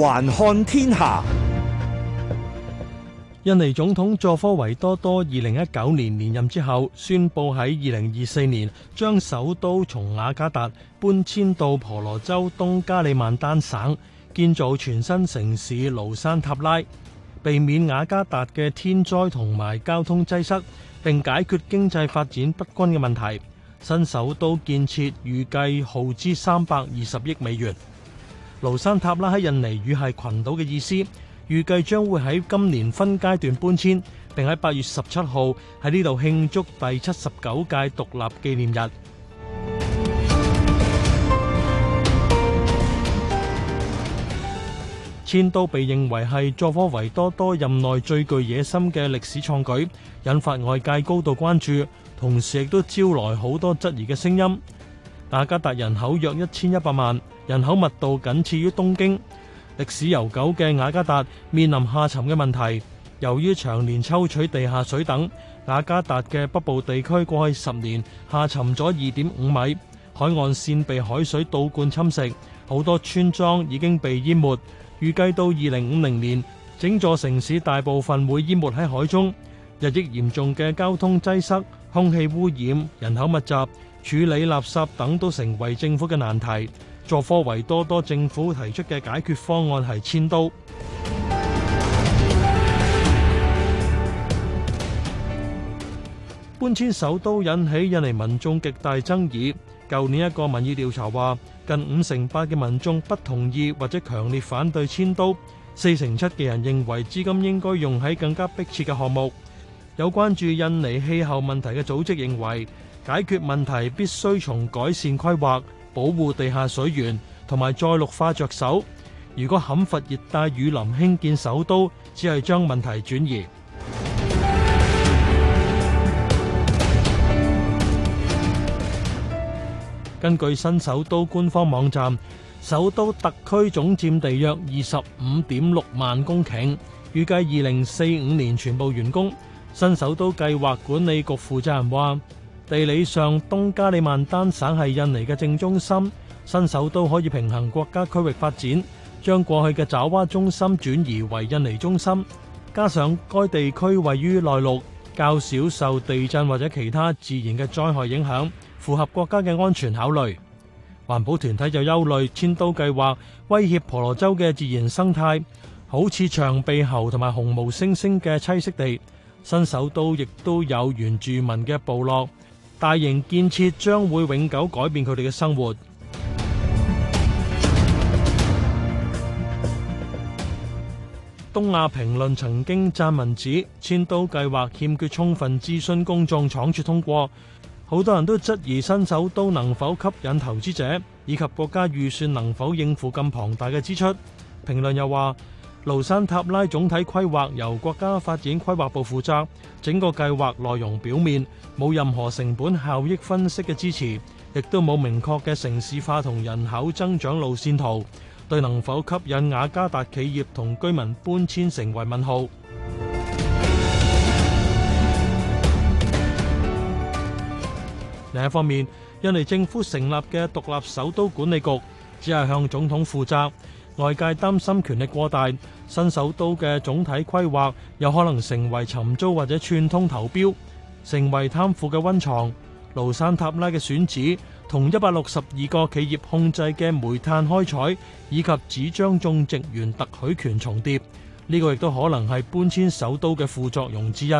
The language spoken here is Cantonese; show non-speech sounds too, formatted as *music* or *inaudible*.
環看天下，印尼總統佐科維多多二零一九年連任之後，宣佈喺二零二四年將首都從雅加達搬遷到婆羅洲東加里曼丹省，建造全新城市努山塔拉，避免雅加達嘅天災同埋交通擠塞，並解決經濟發展不均嘅問題。新首都建設預計耗資三百二十億美元。努山塔拉喺印尼語係群島嘅意思，預計將會喺今年分階段搬遷，並喺八月十七號喺呢度慶祝第七十九屆獨立紀念日。遷都被認為係佐科維多多任內最具野心嘅歷史創舉，引發外界高度關注，同時亦都招來好多質疑嘅聲音。雅加達人口約一千一百萬，人口密度僅次於東京。歷史悠久嘅雅加達面臨下沉嘅問題，由於長年抽取地下水等，雅加達嘅北部地區過去十年下沉咗二點五米，海岸線被海水倒灌侵蝕，好多村莊已經被淹沒。預計到二零五零年，整座城市大部分會淹沒喺海中。日益嚴重嘅交通擠塞。空氣污染、人口密集、處理垃圾等都成為政府嘅難題。佐科維多多政府提出嘅解決方案係遷都。 *noise* 搬遷首都引起印尼民眾極大爭議。舊年一個民意調查話，近五成八嘅民眾不同意或者強烈反對遷都，四成七嘅人認為資金應該用喺更加迫切嘅項目。有關注印尼氣候問題嘅組織認為，解決問題必須從改善規劃、保護地下水源同埋再綠化着手。如果砍伐熱帶雨林興建首都，只係將問題轉移。根據新首都官方網站，首都特區總佔地約二十五點六萬公頃，預計二零四五年全部完工。新首都計劃管理局負責人話：地理上，東加里曼丹省係印尼嘅正中心，新首都可以平衡國家區域發展，將過去嘅爪哇中心轉移為印尼中心。加上該地區位於內陸，較少受地震或者其他自然嘅災害影響，符合國家嘅安全考慮。環保團體就憂慮遷都計劃威脅婆羅洲嘅自然生態，好似長鼻猴同埋紅毛猩猩嘅棲息地。新首都亦都有原住民嘅部落，大型建設將會永久改變佢哋嘅生活。《 *music* 東亞評論》曾經撰文指，遷都計劃欠缺充分諮詢公眾搶住通過，好多人都質疑新首都能否吸引投資者，以及國家預算能否應付咁龐大嘅支出。評論又話。努山塔拉總體規劃由國家發展規劃部負責，整個計劃內容表面冇任何成本效益分析嘅支持，亦都冇明確嘅城市化同人口增長路線圖，對能否吸引雅加達企業同居民搬遷成為問號。 *music* 另一方面，印尼政府成立嘅獨立首都管理局只係向總統負責。外界擔心權力過大，新首都嘅總體規劃有可能成為尋租或者串通投標，成為貪腐嘅溫床。努山塔拉嘅選址同一百六十二個企業控制嘅煤炭開採以及紙張種植園特許權重疊，呢、這個亦都可能係搬遷首都嘅副作用之一。